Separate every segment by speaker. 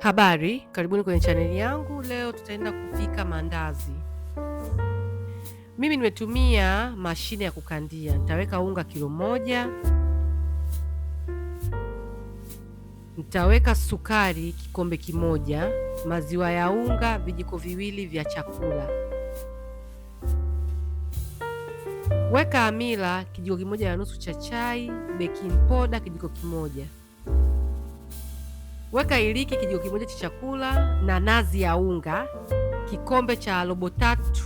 Speaker 1: Habari, karibuni kwenye chaneli yangu. Leo tutaenda kupika mandazi. Mimi nimetumia mashine ya kukandia. Nitaweka unga kilo moja, nitaweka sukari kikombe kimoja, maziwa ya unga vijiko viwili vya chakula. Weka amila kijiko kimoja na nusu cha chai, baking powder kijiko kimoja Weka iliki kijiko kimoja cha chakula na nazi ya unga, kikombe cha robo tatu,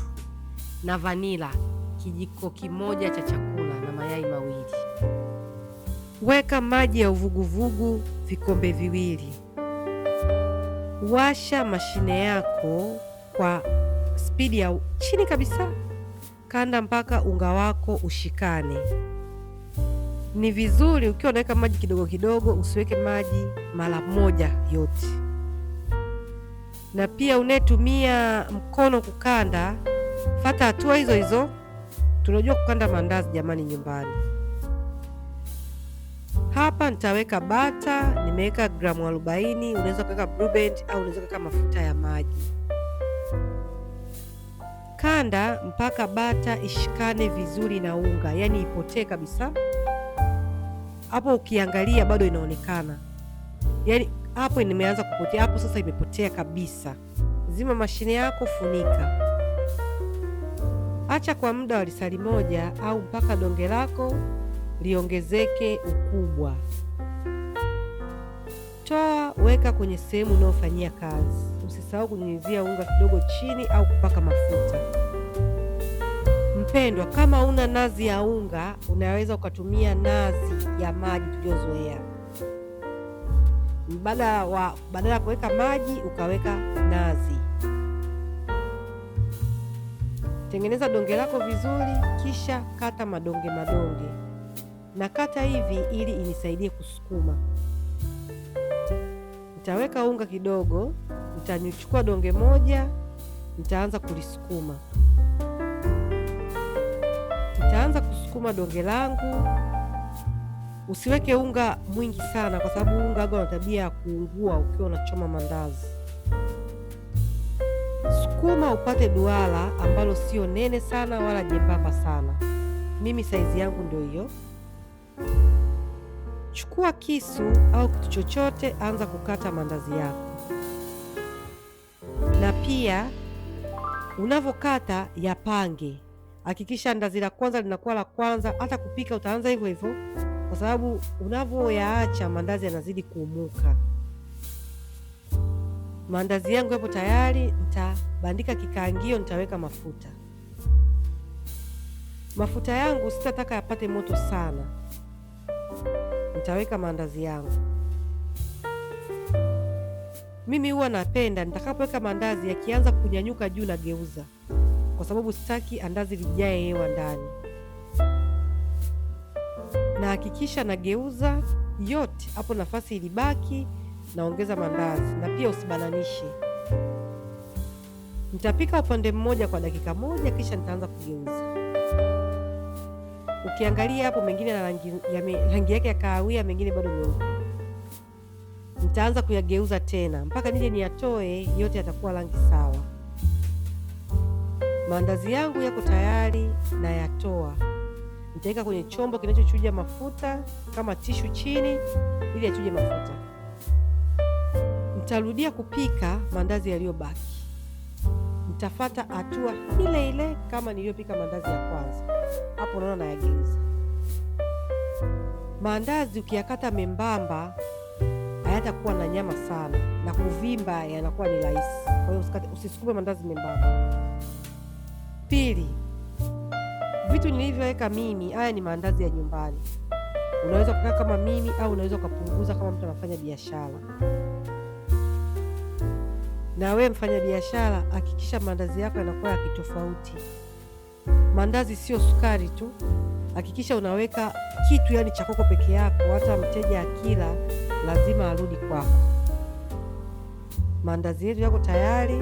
Speaker 1: na vanila kijiko kimoja cha chakula na mayai mawili. Weka maji ya uvuguvugu vikombe viwili. Washa mashine yako kwa spidi ya chini kabisa. Kanda mpaka unga wako ushikane ni vizuri ukiwa unaweka maji kidogo kidogo, usiweke maji mara moja yote. Na pia unayetumia mkono kukanda, fata hatua hizo hizo. Tunajua kukanda mandazi jamani, nyumbani. Hapa nitaweka bata, nimeweka gramu 40. Unaweza kuweka Blue Band au unaweza kuweka mafuta ya maji. Kanda mpaka bata ishikane vizuri na unga, yaani ipotee kabisa hapo ukiangalia bado inaonekana, yaani hapo nimeanza kupotea hapo, sasa imepotea kabisa. Zima mashine yako, funika, acha kwa muda wa lisali moja au mpaka donge lako liongezeke ukubwa. Toa, weka kwenye sehemu unayofanyia kazi. Usisahau kunyunyizia unga kidogo chini au kupaka mafuta. Mpendwa, kama una nazi ya unga, unaweza ukatumia nazi ya maji tuliyozoea Mbadala wa badala ya kuweka maji ukaweka nazi. Tengeneza donge lako vizuri, kisha kata madonge madonge, na kata hivi ili inisaidie kusukuma. Nitaweka unga kidogo, nitachukua donge moja, nitaanza kulisukuma. Nitaanza kusukuma donge langu. Usiweke unga mwingi sana, kwa sababu unga aga una tabia ya kuungua ukiwa unachoma mandazi. Sukuma upate duara ambalo sio nene sana wala jembamba sana. Mimi saizi yangu ndio hiyo. Chukua kisu au kitu chochote, anza kukata mandazi yako, na pia unavyokata yapange hakikisha ndazi la kwanza linakuwa la kwanza. Hata kupika utaanza hivyo hivyo, kwa sababu unavyoyaacha mandazi yanazidi kuumuka. Maandazi yangu yapo tayari, nitabandika kikaangio, nitaweka mafuta. Mafuta yangu sitataka yapate moto sana, nitaweka maandazi yangu. Mimi huwa napenda nitakapoweka maandazi yakianza kunyanyuka juu, nageuza kwa sababu sitaki andazi lijae hewa ndani. Nahakikisha nageuza yote hapo, nafasi ilibaki naongeza mandazi, na pia usibananishe. Nitapika upande mmoja kwa dakika moja, kisha nitaanza kugeuza. Ukiangalia hapo, mengine na rangi yake ya, ya kahawia, mengine bado meupe. Nitaanza kuyageuza tena mpaka nije niyatoe yote, yatakuwa rangi sawa. Maandazi yangu yako tayari na yatoa. Nitaweka kwenye chombo kinachochuja mafuta kama tishu chini ili yachuje mafuta. Nitarudia kupika maandazi yaliyobaki. Nitafata hatua ile ile kama niliyopika maandazi ya kwanza. Hapo unaona nayageuza. Maandazi ukiyakata membamba hayatakuwa na nyama sana na kuvimba, yanakuwa ni rahisi. Kwa hiyo usisukume maandazi membamba. Pili, vitu nilivyoweka mimi, haya ni maandazi ya nyumbani. Unaweza kukaa kama mimi au unaweza ukapunguza kama mtu anafanya biashara. Na wewe mfanya biashara, hakikisha maandazi yako yanakuwa ya kitofauti. Maandazi sio sukari tu, hakikisha unaweka kitu yani cha kwako peke yako. Hata mteja akila lazima arudi kwako. Maandazi yetu yako tayari.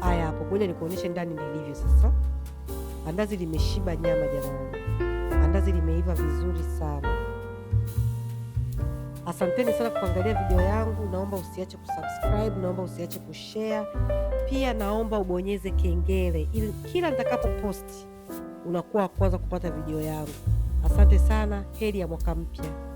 Speaker 1: Haya, hapo ngoja nikuonyeshe ndani nilivyo sasa. Andazi limeshiba nyama jamani, andazi limeiva vizuri sana. Asanteni sana kuangalia video yangu. Naomba usiache kusubscribe, naomba usiache kushare, pia naomba ubonyeze kengele ili kila nitakapo posti unakuwa wa kwanza kupata video yangu. Asante sana, heri ya mwaka mpya.